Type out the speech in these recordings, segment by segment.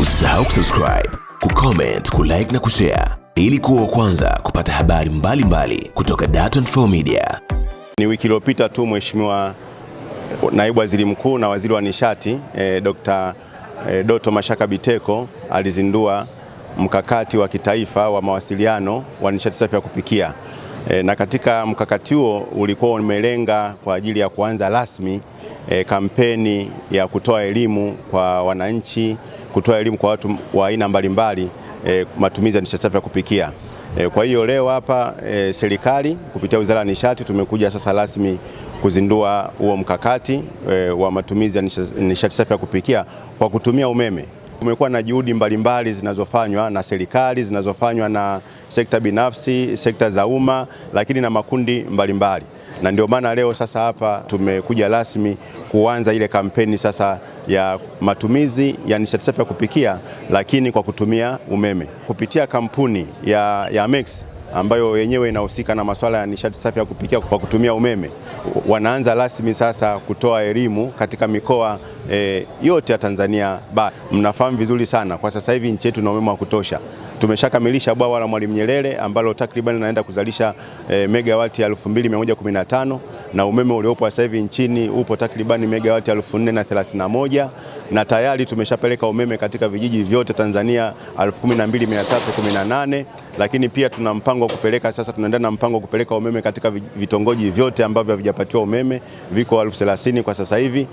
Usisahau kusubscribe, kucomment, kulike na kushare ili kuwa kwanza kupata habari mbalimbali mbali kutoka Dar24 Media. Ni wiki iliyopita tu Mheshimiwa Naibu Waziri Mkuu na Waziri wa Nishati eh, Dr. eh, Doto Mashaka Biteko alizindua mkakati wa kitaifa wa mawasiliano wa nishati safi ya kupikia e, na katika mkakati huo ulikuwa umelenga kwa ajili ya kuanza rasmi e, kampeni ya kutoa elimu kwa wananchi kutoa elimu kwa watu wa aina mbalimbali e, matumizi ya nishati safi ya kupikia. E, kwa hiyo leo hapa e, serikali kupitia Wizara ya Nishati tumekuja sasa rasmi kuzindua huo mkakati e, wa matumizi ya nishati safi ya kupikia kwa kutumia umeme. Kumekuwa na juhudi mbalimbali zinazofanywa na serikali, zinazofanywa na sekta binafsi, sekta za umma, lakini na makundi mbalimbali mbali. Na ndio maana leo sasa hapa tumekuja rasmi kuanza ile kampeni sasa ya matumizi ya nishati safi ya kupikia, lakini kwa kutumia umeme kupitia kampuni ya, ya Mex ambayo yenyewe inahusika na masuala ya nishati safi ya kupikia kwa kutumia umeme, wanaanza rasmi sasa kutoa elimu katika mikoa e, yote ya Tanzania Mnafahamu vizuri sana kwa sasa hivi nchi yetu ina umeme wa kutosha. Tumeshakamilisha bwawa la Mwalimu Nyerere ambalo takriban linaenda kuzalisha e, megawati 2115 na umeme uliopo sasa hivi nchini upo takribani megawati 4431 na tayari tumeshapeleka umeme katika vijiji vyote Tanzania 12318 lakini pia tuna mpango wa kupeleka sasa, tunaendelea na mpango wa kupeleka umeme katika vitongoji vyote ambavyo havijapatiwa umeme, viko 1030 kwa sasa hivi.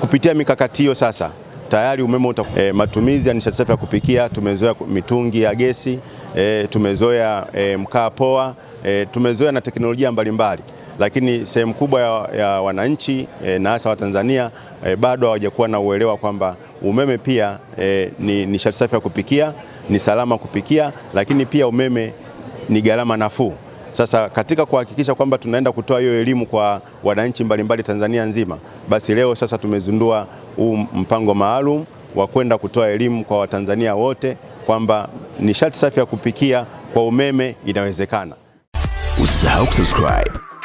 Kupitia mikakati hiyo sasa tayari umeme uta, e, matumizi ya nishati safi ya kupikia tumezoea mitungi ya gesi e, tumezoea e, mkaa poa e, tumezoea na teknolojia mbalimbali mbali lakini sehemu kubwa ya, ya wananchi e, na hasa Watanzania e, bado hawajakuwa na uelewa kwamba umeme pia e, ni nishati safi ya kupikia, ni salama kupikia, lakini pia umeme ni gharama nafuu. Sasa katika kuhakikisha kwamba tunaenda kutoa hiyo elimu kwa wananchi mbalimbali Tanzania nzima, basi leo sasa tumezindua huu mpango maalum wa kwenda kutoa elimu kwa Watanzania wote kwamba nishati safi ya kupikia kwa umeme inawezekana. Usisahau kusubscribe